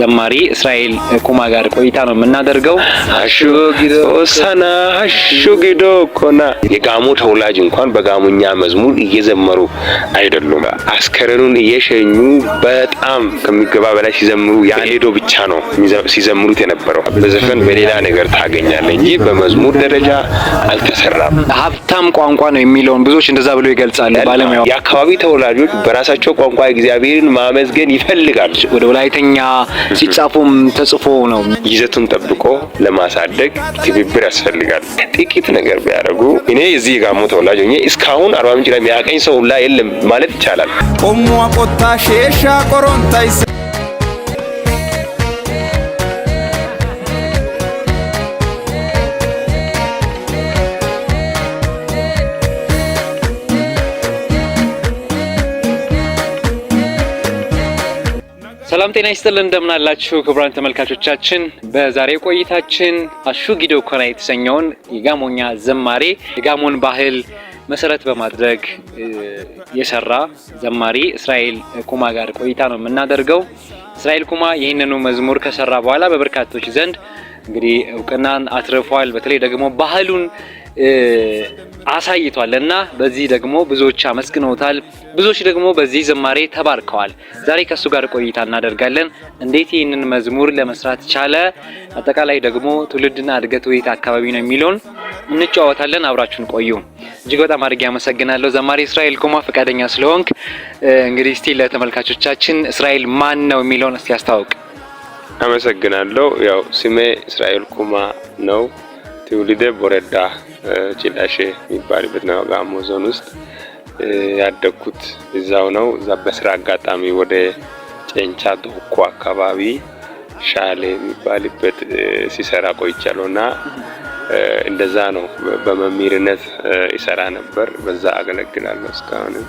ዘማሪ እስራኤል ኩማ ጋር ቆይታ ነው የምናደርገው። አሹጊዶ አሹጊዶ ኮና የጋሞ ተወላጅ እንኳን በጋሞኛ መዝሙር እየዘመሩ አይደሉም። አስከረኑን እየሸኙ በጣም ከሚገባ በላይ ሲዘምሩ ያሌዶ ብቻ ነው ሲዘምሩት የነበረው። በዘፈን በሌላ ነገር ታገኛለ እንጂ በመዝሙር ደረጃ አልተሰራም። ሀብታም ቋንቋ ነው የሚለውን ብዙዎች እንደዛ ብሎ ይገልጻሉ። ባለሙያ የአካባቢ ተወላጆች በራሳቸው ቋንቋ እግዚአብሔርን ማመስገን ይፈልጋል። ወደ ወላይተኛ ሲጻፉም ተጽፎ ነው። ይዘቱን ጠብቆ ለማሳደግ ትብብር ያስፈልጋል። ጥቂት ነገር ቢያደርጉ እኔ እዚህ የጋሞ ተወላጅ ሆኜ እስካሁን አርባ ምንጭ ላይ የሚያቀኝ ሰው ሁላ የለም ማለት ይቻላል። ቆሞ አቆታ ሼሻ ቆሮንታይ ሰላም ጤና ይስጥልን እንደምናላችሁ አላችሁ ክቡራን ተመልካቾቻችን። በዛሬው ቆይታችን አሹጊዶ ኮና የተሰኘውን የጋሞኛ ዘማሪ የጋሞን ባህል መሰረት በማድረግ የሰራ ዘማሪ እስራኤል ኩማ ጋር ቆይታ ነው የምናደርገው። እስራኤል ኩማ ይህንኑ መዝሙር ከሰራ በኋላ በበርካቶች ዘንድ እንግዲህ እውቅናን አትርፏል። በተለይ ደግሞ ባህሉን አሳይቷል እና በዚህ ደግሞ ብዙዎች አመስግነውታል፣ ብዙዎች ደግሞ በዚህ ዝማሬ ተባርከዋል። ዛሬ ከእሱ ጋር ቆይታ እናደርጋለን። እንዴት ይህንን መዝሙር ለመስራት ቻለ፣ አጠቃላይ ደግሞ ትውልድና እድገት የት አካባቢ ነው የሚለውን እንጨዋወታለን። አብራችሁን ቆዩ። እጅግ በጣም አድርጌ አመሰግናለሁ ዘማሪ እስራኤል ኩማ ፈቃደኛ ስለሆንክ። እንግዲህ እስቲ ለተመልካቾቻችን እስራኤል ማን ነው የሚለውን እስቲ ያስታውቅ። አመሰግናለሁ። ያው ስሜ እስራኤል ኩማ ነው። ትውልደ ቦረዳ ጭላሼ የሚባልበት ነው። ጋሞ ዞን ውስጥ ያደግኩት እዛው ነው። እዛ በስራ አጋጣሚ ወደ ጨንቻ ዶኮ አካባቢ ሻሌ የሚባልበት ሲሰራ ቆይቻለሁ እና እንደዛ ነው። በመምህርነት ይሰራ ነበር። በዛ አገለግላለሁ እስካሁንም።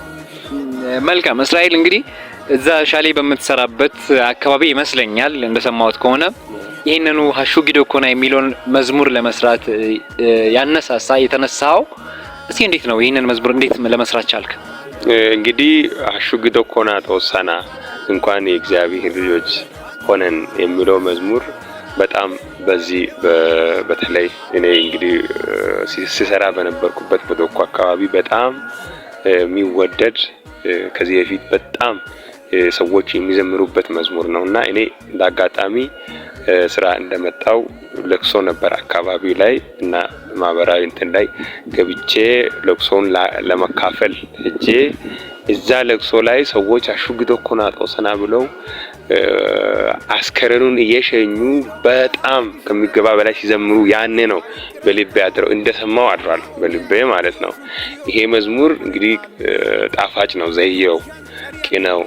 መልካም እስራኤል፣ እንግዲህ እዛ ሻሌ በምትሰራበት አካባቢ ይመስለኛል እንደሰማሁት ከሆነ ይህንኑ ሀሹጊ ኮና የሚለውን መዝሙር ለመስራት ያነሳሳ የተነሳው እስኪ እንዴት ነው ይህንን መዝሙር እንዴት ለመስራት ቻልክ? እንግዲህ ሀሹጊ ኮና ተወሰና እንኳን የእግዚአብሔር ልጆች ሆነን የሚለው መዝሙር በጣም በዚህ በተለይ እኔ እንግዲህ ሲሰራ በነበርኩበት በዶኮ አካባቢ በጣም የሚወደድ ከዚህ በፊት በጣም ሰዎች የሚዘምሩበት መዝሙር ነው እና እኔ እንደ ስራ እንደመጣው ለቅሶ ነበር አካባቢው ላይ እና ማህበራዊ እንትን ላይ ገብቼ ለቅሶውን ለመካፈል እጄ እዛ ለቅሶ ላይ ሰዎች አሹግዶ ኮናጦ ሰና ብለው አስከረኑን እየሸኙ በጣም ከሚገባ በላይ ሲዘምሩ ያኔ ነው በልቤ ያድረው እንደሰማው አድሯል በልቤ ማለት ነው። ይሄ መዝሙር እንግዲህ ጣፋጭ ነው ዘየው ነው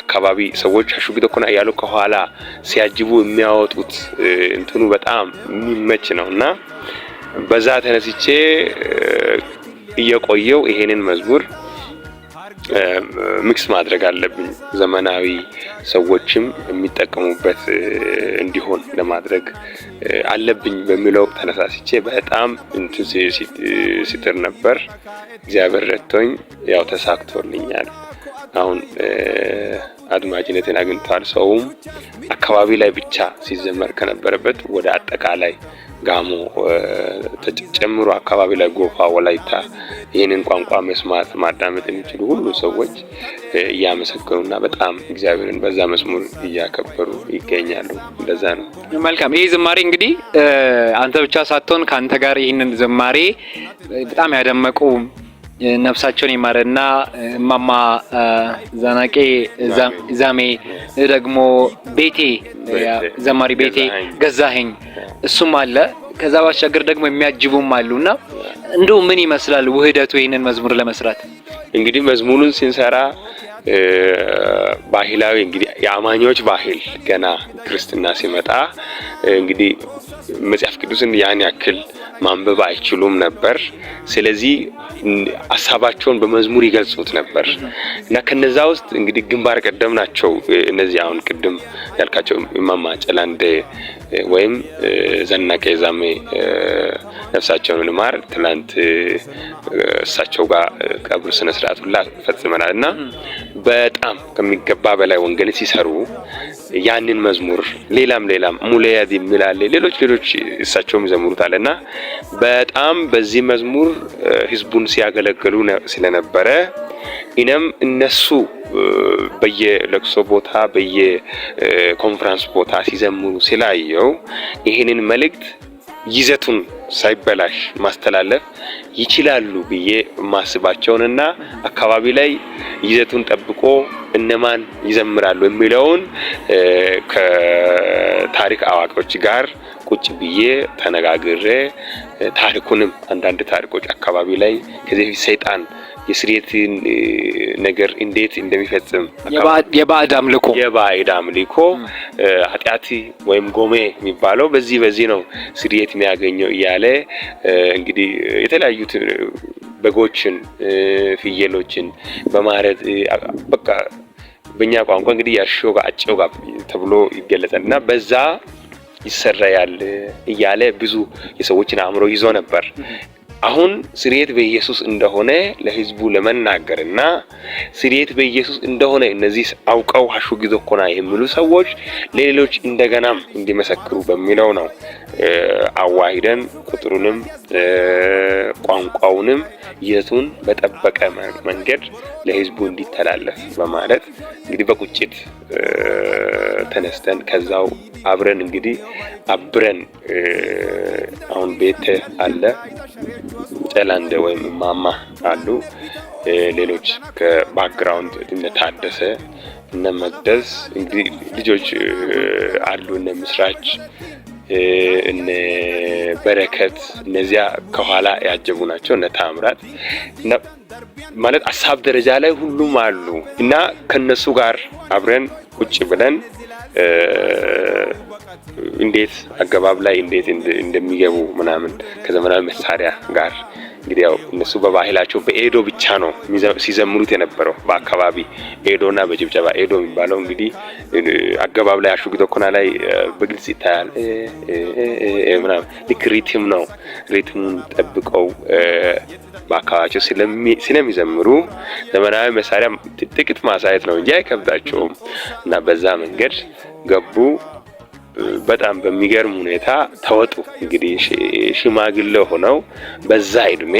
አካባቢ ሰዎች አሹጊ ተኮና እያሉ ከኋላ ሲያጅቡ የሚያወጡት እንትኑ በጣም የሚመች ነው እና በዛ ተነስቼ እየቆየው ይሄንን መዝሙር ሚክስ ማድረግ አለብኝ ዘመናዊ ሰዎችም የሚጠቀሙበት እንዲሆን ለማድረግ አለብኝ በሚለው ተነሳስቼ በጣም እንትን ሲጥር ነበር። እግዚአብሔር ረድቶኝ ያው ተሳክቶልኛል። አሁን አድማጭነትን አግኝቷል። ሰውም አካባቢ ላይ ብቻ ሲዘመር ከነበረበት ወደ አጠቃላይ ጋሞ ጨምሮ አካባቢ ላይ ጎፋ፣ ወላይታ ይህንን ቋንቋ መስማት ማዳመጥ የሚችሉ ሁሉ ሰዎች እያመሰገኑና በጣም እግዚአብሔርን በዛ መስሙር እያከበሩ ይገኛሉ። እንደዛ ነው። መልካም። ይህ ዝማሬ እንግዲህ አንተ ብቻ ሳትሆን ከአንተ ጋር ይህንን ዝማሬ በጣም ያደመቁ ነፍሳቸውን ይማረና እማማ ዛናቄ ዛሜ ደግሞ ቤቴ ዘማሪ ቤቴ ገዛኸኝ እሱም አለ። ከዛ ባሻገር ደግሞ የሚያጅቡም አሉ እና እንደው ምን ይመስላል ውህደቱ ይህንን መዝሙር ለመስራት? እንግዲህ መዝሙሩን ስንሰራ ባህላዊ እንግዲህ የአማኞች ባህል ገና ክርስትና ሲመጣ እንግዲህ መጽሐፍ ቅዱስን ያን ያክል ማንበብ አይችሉም ነበር። ስለዚህ ሀሳባቸውን በመዝሙር ይገልጹት ነበር እና ከነዛ ውስጥ እንግዲህ ግንባር ቀደም ናቸው። እነዚህ አሁን ቅድም ያልካቸው እማማ ጨላንዴ ወይም ዘናቄ ዛሜ ነፍሳቸውን ንማር ትላንት እሳቸው ጋር ቀብር ስነ ስርዓት ሁላ ፈጽመናል እና በጣም ከሚገባ በላይ ወንጌል ሲሰሩ ያንን መዝሙር ሌላም ሌላም ሙለያድ የሚላለ ሌሎች ሌሎች እሳቸውም ይዘምሩታል እና በጣም በዚህ መዝሙር ህዝቡን ሲያገለግሉ ስለነበረ ኢነም እነሱ በየለቅሶ ቦታ በየኮንፈረንስ ቦታ ሲዘምሩ ስላየው ይህንን መልእክት ይዘቱን ሳይበላሽ ማስተላለፍ ይችላሉ ብዬ ማስባቸውንና አካባቢ ላይ ይዘቱን ጠብቆ እነማን ይዘምራሉ የሚለውን ከታሪክ አዋቂዎች ጋር ቁጭ ብዬ ተነጋግሬ ታሪኩንም አንዳንድ ታሪኮች አካባቢ ላይ ከዚህ ሰይጣን የስርየትን ነገር እንዴት እንደሚፈጽም የባዕድ አምልኮ የባዕድ አምልኮ ኃጢአት ወይም ጎሜ የሚባለው በዚህ በዚህ ነው ስርየት የሚያገኘው እያለ እንግዲህ የተለያዩት በጎችን ፍየሎችን በማረድ በቃ በእኛ ቋንቋ እንግዲህ ያርሾ ጋር አጨው ጋር ተብሎ ይገለጻል እና በዛ ይሰራያል እያለ ብዙ የሰዎችን አእምሮ ይዞ ነበር። አሁን ስርየት በኢየሱስ እንደሆነ ለህዝቡ ለመናገርና ስርየት በኢየሱስ እንደሆነ እነዚህ አውቀው ሀሹ ጊዞኮና የሚሉ ሰዎች ለሌሎች እንደገናም እንዲመሰክሩ በሚለው ነው። አዋሂደን ቁጥሩንም ቋንቋውንም ይዘቱን በጠበቀ መንገድ ለህዝቡ እንዲተላለፍ በማለት እንግዲህ በቁጭት ተነስተን ከዛው አብረን እንግዲህ አብረን አሁን ቤት አለ ሰላንደ ወይም ማማ አሉ። ሌሎች ከባክግራውንድ እነ ታደሰ እነ መቅደስ እንግዲህ ልጆች አሉ። እነ ምስራች እነ በረከት እነዚያ ከኋላ ያጀቡ ናቸው። እነ ታምራት ማለት አሳብ ደረጃ ላይ ሁሉም አሉ እና ከነሱ ጋር አብረን ቁጭ ብለን እንዴት አገባብ ላይ እንዴት እንደሚገቡ ምናምን ከዘመናዊ መሳሪያ ጋር እንግዲህ ያው እነሱ በባህላቸው በኤዶ ብቻ ነው ሲዘምሩት የነበረው በአካባቢ ኤዶና በጭብጨባ ኤዶ የሚባለው እንግዲህ አገባብ ላይ አሹግቶ ኮና ላይ በግልጽ ይታያል ምናምን ልክ ሪትም ነው ሪትሙን ጠብቀው በአካባቢያቸው ስለሚዘምሩ ዘመናዊ መሳሪያ ጥቂት ማሳየት ነው እንጂ አይከብዳቸውም እና በዛ መንገድ ገቡ በጣም በሚገርም ሁኔታ ተወጡ። እንግዲህ ሽማግሌ ሆነው በዛ እድሜ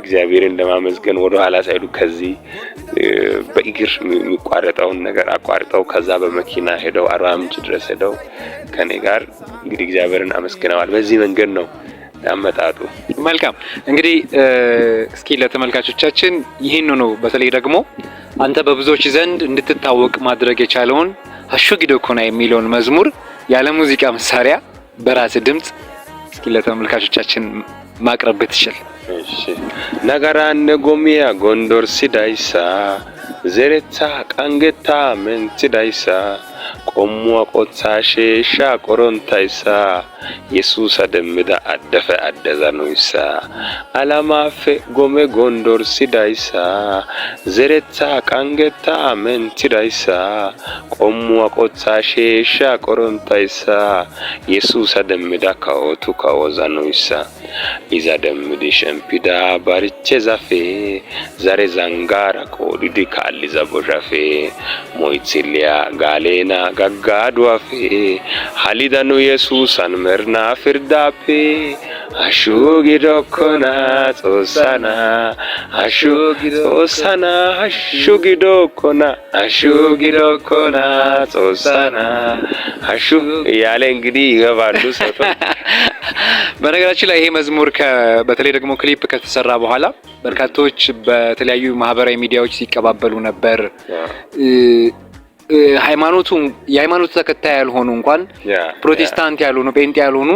እግዚአብሔርን ለማመስገን ወደ ኋላ ሳይሉ ከዚህ በእግር የሚቋረጠውን ነገር አቋርጠው ከዛ በመኪና ሄደው አርባ ምንጭ ድረስ ሄደው ከኔ ጋር እንግዲህ እግዚአብሔርን አመስግነዋል። በዚህ መንገድ ነው አመጣጡ መልካም እንግዲህ እስኪ ለተመልካቾቻችን ይህንኑ በተለይ ደግሞ አንተ በብዙዎች ዘንድ እንድትታወቅ ማድረግ የቻለውን አሾጊዶ ኮና የሚለውን መዝሙር ያለ ሙዚቃ መሳሪያ በራስ ድምፅ እስኪ ለተመልካቾቻችን ማቅረብ ብትችል። ነገራ ነጎሚያ ጎንዶር ሲዳይሳ ዜሬታ ቃንጌታ ዳይሳ qommuwaa qotsaa sheeshshaa qoronttayssaa yesuusa demmida addafe addazanoyssa alamaappe gome gonddorssidayssa zerettaa qanggettaa menttidayssa qommuwaa qotsaa sheeshshaa qoronttayssa yesuusa demmida kawotu kawozanoyssa iza demmidi shemppida bariche zafee zare zanggaara qoodhidi kaalliza boshafe moytsiliyaa gaaleena na gaggaaduwaafe halida nu yesuusan merinaa pirddaappe hashshu gidokkona xoossana hashshu xoossana hashshu gidokkona hashshu gidokkona xoossana hashshu እያለ እንግዲህ ይገባሉ። በነገራችን ላይ ይሄ መዝሙር በተለይ ደግሞ ክሊፕ ከተሰራ በኋላ በርካቶች በተለያዩ ማህበራዊ ሚዲያዎች ሲቀባበሉ ነበር። ሃይማኖቱን የሃይማኖቱ ተከታይ ያልሆኑ እንኳን ፕሮቴስታንት ያልሆኑ ጴንጤ ያልሆኑ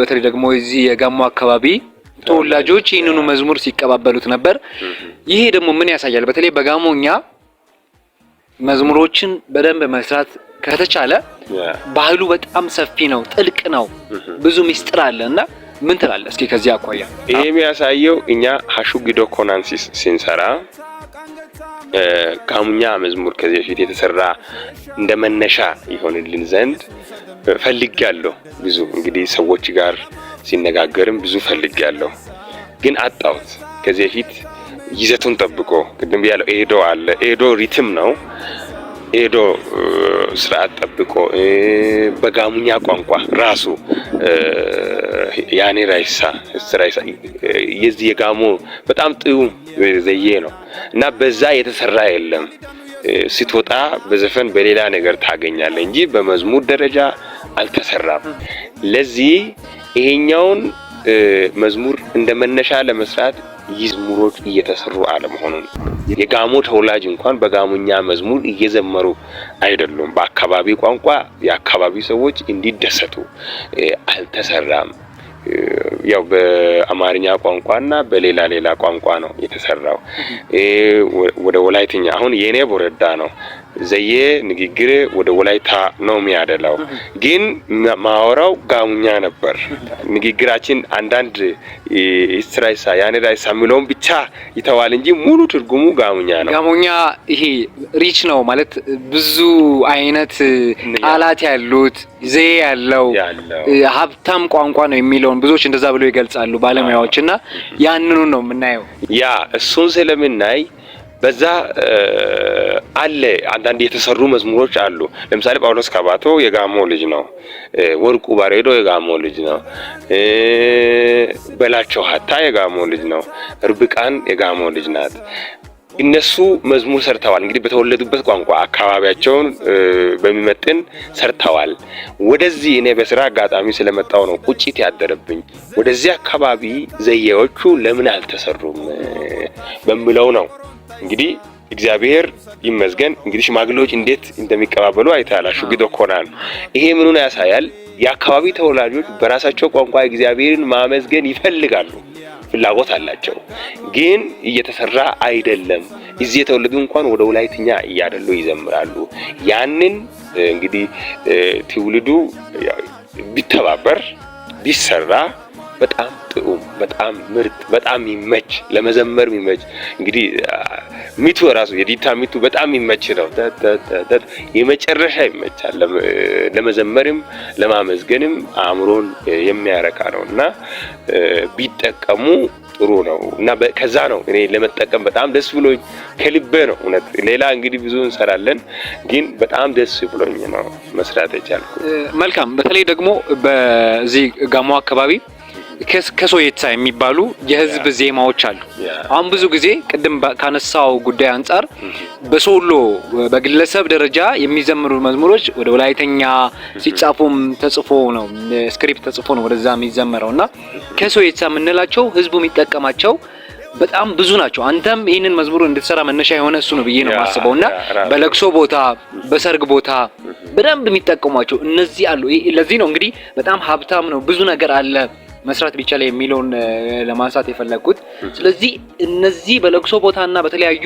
በተለይ ደግሞ እዚህ የጋሞ አካባቢ ተወላጆች ይህንኑ መዝሙር ሲቀባበሉት ነበር። ይሄ ደግሞ ምን ያሳያል? በተለይ በጋሞኛ መዝሙሮችን በደንብ መስራት ከተቻለ ባህሉ በጣም ሰፊ ነው፣ ጥልቅ ነው፣ ብዙ ሚስጥር አለ እና ምን ትላለህ? እስኪ ከዚህ አኳያ ይሄ የሚያሳየው እኛ ሀሹጊዶ ኮናንሲስ ሲንሰራ በቃሙኛ መዝሙር ከዚህ በፊት የተሰራ እንደ መነሻ ይሆንልን ዘንድ ፈልግ ያለሁ ብዙ እንግዲህ ሰዎች ጋር ሲነጋገርም ብዙ ፈልግ ያለሁ ግን አጣሁት። ከዚህ በፊት ይዘቱን ጠብቆ ቅድም ያለው ኤዶ አለ። ኤዶ ሪትም ነው። ኤዶ ስርዓት ጠብቆ በጋሙኛ ቋንቋ ራሱ ያኔ ራይሳ ራይሳ የዚህ የጋሞ በጣም ጥዩ ዘዬ ነው እና በዛ የተሰራ የለም። ስትወጣ በዘፈን በሌላ ነገር ታገኛለ እንጂ በመዝሙር ደረጃ አልተሰራም። ለዚህ ይሄኛውን መዝሙር እንደ መነሻ ለመስራት ይዝሙሮች እየተሰሩ አለመሆኑን የጋሞ ተወላጅ እንኳን በጋሞኛ መዝሙር እየዘመሩ አይደሉም። በአካባቢ ቋንቋ የአካባቢ ሰዎች እንዲደሰቱ አልተሰራም። ያው በአማርኛ ቋንቋና በሌላ ሌላ ቋንቋ ነው የተሰራው። ወደ ወላይትኛ አሁን የኔ ወረዳ ነው ዘዬ ንግግሬ ወደ ወላይታ ነው የሚያደላው፣ ግን ማወራው ጋሙኛ ነበር። ንግግራችን አንዳንድ ስራይሳ ያኔ ራይሳ የሚለውን ብቻ ይተዋል እንጂ ሙሉ ትርጉሙ ጋሙኛ ነው። ጋሙኛ ይሄ ሪች ነው ማለት ብዙ አይነት ቃላት ያሉት ዘዬ ያለው ሀብታም ቋንቋ ነው የሚለውን ብዙዎች እንደዛ ብሎ ይገልጻሉ ባለሙያዎች፣ እና ያንኑ ነው የምናየው ያ እሱን ስለምናይ በዛ አለ። አንዳንድ የተሰሩ መዝሙሮች አሉ። ለምሳሌ ጳውሎስ ካባቶ የጋሞ ልጅ ነው። ወርቁ ባሬዶ የጋሞ ልጅ ነው። በላቸው ሀታ የጋሞ ልጅ ነው። ርብቃን የጋሞ ልጅ ናት። እነሱ መዝሙር ሰርተዋል። እንግዲህ በተወለዱበት ቋንቋ አካባቢያቸውን በሚመጥን ሰርተዋል። ወደዚህ እኔ በስራ አጋጣሚ ስለመጣው ነው ቁጭት ያደረብኝ። ወደዚህ አካባቢ ዘዬዎቹ ለምን አልተሰሩም በሚለው ነው እንግዲህ እግዚአብሔር ይመስገን እንግዲህ ሽማግሌዎች እንዴት እንደሚቀባበሉ አይተሃል። ሹጊዶ ኮና ነው ይሄ። ምኑን ያሳያል? የአካባቢ ተወላጆች በራሳቸው ቋንቋ እግዚአብሔርን ማመስገን ይፈልጋሉ፣ ፍላጎት አላቸው፣ ግን እየተሰራ አይደለም። እዚህ የተወለዱ እንኳን ወደ ወላይትኛ እያደሉ ይዘምራሉ። ያንን እንግዲህ ትውልዱ ቢተባበር ቢሰራ በጣም ጥዑም፣ በጣም ምርጥ፣ በጣም ይመች፣ ለመዘመር ይመች። እንግዲህ ሚቱ ራሱ የዲታ ሚቱ በጣም ይመች ነው። የመጨረሻ ይመቻል። ለመዘመርም ለማመዝገንም አእምሮን የሚያረካ ነው እና ቢጠቀሙ ጥሩ ነው እና ከዛ ነው እኔ ለመጠቀም በጣም ደስ ብሎኝ ከልቤ ነው። እውነት ሌላ እንግዲህ ብዙ እንሰራለን፣ ግን በጣም ደስ ብሎኝ ነው መስራት የቻልኩት። መልካም። በተለይ ደግሞ በዚህ ጋሞ አካባቢ ከሶየታ የሚባሉ የህዝብ ዜማዎች አሉ። አሁን ብዙ ጊዜ ቅድም ካነሳው ጉዳይ አንጻር mm-hmm. በሶሎ በግለሰብ ደረጃ የሚዘምሩ መዝሙሮች ወደ ወላይተኛ mm-hmm. ሲጻፉም ተጽፎ ነው ስክሪፕት ተጽፎ ነው ወደዛ የሚዘመረው እና ከሶየታ የምንላቸው ህዝቡ የሚጠቀማቸው በጣም ብዙ ናቸው። አንተም ይህንን መዝሙር እንድትሰራ መነሻ የሆነ እሱ ነው ብዬ ነው የማስበው እና በለቅሶ ቦታ፣ mm-hmm. በሰርግ ቦታ በደንብ የሚጠቀሟቸው እነዚህ አሉ። ለዚህ ነው እንግዲህ በጣም ሀብታም ነው ብዙ ነገር አለ መስራት ቢቻል የሚለውን ለማንሳት የፈለግኩት። ስለዚህ እነዚህ በለቅሶ ቦታና በተለያዩ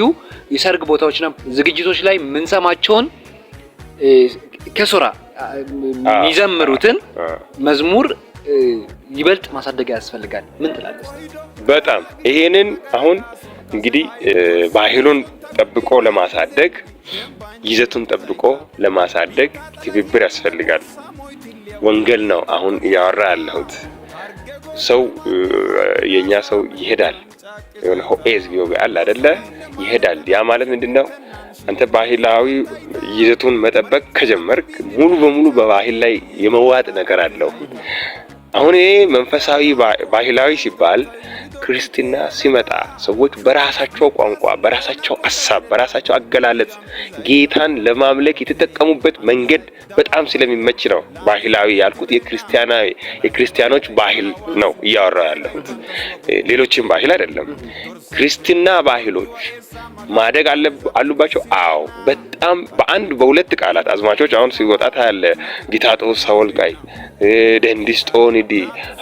የሰርግ ቦታዎችና ዝግጅቶች ላይ የምንሰማቸውን ከሱራ የሚዘምሩትን መዝሙር ይበልጥ ማሳደግ ያስፈልጋል። ምን ትላለህ? በጣም ይሄንን አሁን እንግዲህ ባህሉን ጠብቆ ለማሳደግ ይዘቱን ጠብቆ ለማሳደግ ትብብር ያስፈልጋል። ወንጌል ነው አሁን እያወራ ያለሁት። ሰው የኛ ሰው ይሄዳል የሆነ ሆኤዝ ይወጋል አይደለ? ይሄዳል። ያ ማለት ምንድነው? አንተ ባህላዊ ይዘቱን መጠበቅ ከጀመርክ ሙሉ በሙሉ በባህል ላይ የመዋጥ ነገር አለው። አሁን ይሄ መንፈሳዊ ባህላዊ ሲባል ክርስትና ሲመጣ ሰዎች በራሳቸው ቋንቋ፣ በራሳቸው አሳብ፣ በራሳቸው አገላለጽ ጌታን ለማምለክ የተጠቀሙበት መንገድ በጣም ስለሚመች ነው ባህላዊ ያልኩት። የክርስቲያናዊ የክርስቲያኖች ባህል ነው እያወራ ያለሁት ሌሎችን ባህል አይደለም። ክርስትና ባህሎች ማደግ አሉባቸው። አዎ በጣም በአንድ በሁለት ቃላት አዝማቾች አሁን ሲወጣ ታያለ። ጊታጦስ ሳወልቃይ ደንዲስጦኒዲ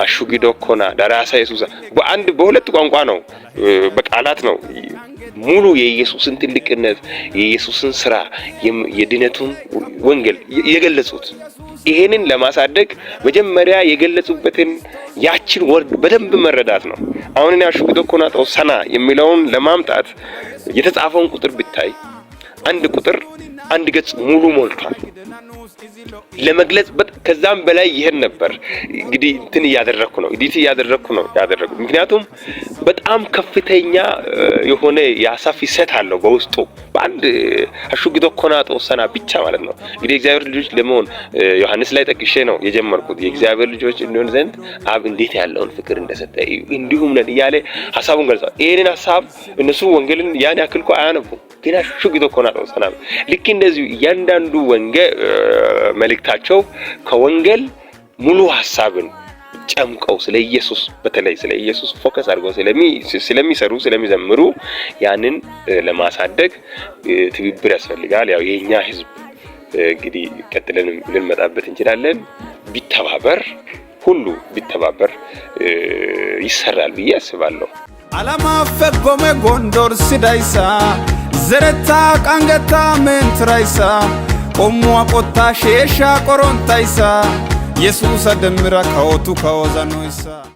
አሹጊዶኮና ደራሳ የሱሳ በአንድ በ በሁለት ቋንቋ ነው፣ በቃላት ነው ሙሉ የኢየሱስን ትልቅነት የኢየሱስን ስራ የድነቱን ወንጌል የገለጹት። ይሄንን ለማሳደግ መጀመሪያ የገለጹበትን ያችን ወርድ በደንብ መረዳት ነው። አሁን ያሹ ግዶኮናጦ ሰና የሚለውን ለማምጣት የተጻፈውን ቁጥር ብታይ አንድ ቁጥር አንድ ገጽ ሙሉ ሞልቷል። ለመግለጽ ከዛም በላይ ይሄን ነበር እንግዲህ እንትን እያደረግኩ ነው ኢዲት እያደረግኩ ነው ያደረግኩ። ምክንያቱም በጣም ከፍተኛ የሆነ የሀሳብ ፍሰት አለው በውስጡ በአንድ አሹግቶ ኮና ተወሰና ብቻ ማለት ነው። እንግዲህ እግዚአብሔር ልጆች ለመሆን ዮሐንስ ላይ ጠቅሼ ነው የጀመርኩት። የእግዚአብሔር ልጆች እንሆን ዘንድ አብ እንዴት ያለውን ፍቅር እንደሰጠ እንዲሁም ነን እያለ ሀሳቡን ገልጿል። ይህንን ሀሳብ እነሱ ወንጌልን ያን ያክል እኮ አያነቡም ጌታ ሽግቶ ኮናጠው ሰላም ልክ እንደዚሁ እያንዳንዱ ወንጌ መልእክታቸው ከወንጌል ሙሉ ሀሳብን ጨምቀው ስለ ኢየሱስ በተለይ ስለ ኢየሱስ ፎከስ አድርገው ስለሚሰሩ ስለሚዘምሩ ያንን ለማሳደግ ትብብር ያስፈልጋል። ያው የኛ ህዝብ እንግዲህ ቀጥለን ልንመጣበት እንችላለን። ቢተባበር ሁሉ ቢተባበር ይሰራል ብዬ አስባለሁ። አለማፈጎሜ ጎንዶር ሲዳይሳ zerettaa qangettaa meentiraysaa qommuwaa qottaa sheeshshaa qoronttaysaa demira kaotu kaoza noisa.